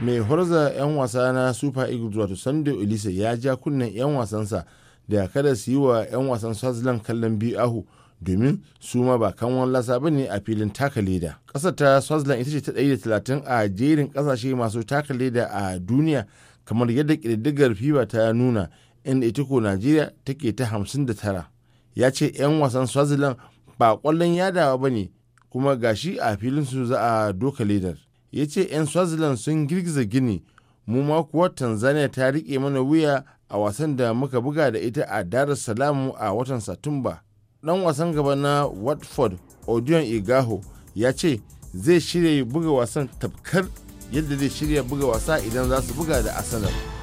mai horza 'yan wasa na super eagles wato sunday olise ya ja kunnen 'yan wasansa da kada su yi wa 'yan wasan swaziland kallon biyu ahu domin su ma ba wani lasa ba ne a filin taka leda ƙasar ta swaziland ita ce ta 130 a jerin ƙasashe masu taka leda a duniya kamar yadda ƙididdigar fiba ta nuna inda ita ko najeriya take ta hamsin 59 ya ce 'yan wasan swaziland ba kwallon yadawa ba ne kuma gashi a filin su za a doka ledar ya ce 'yan swaziland sun girgiza gini mu ma kuwa tanzania ta rike mana wuya a wasan da muka buga da ita a dar salamu a watan satumba dan wasan gaba na watford odion igaho ya ce zai shirya buga wasan tabkar yadda zai shirya buga wasa idan za su buga da arsenal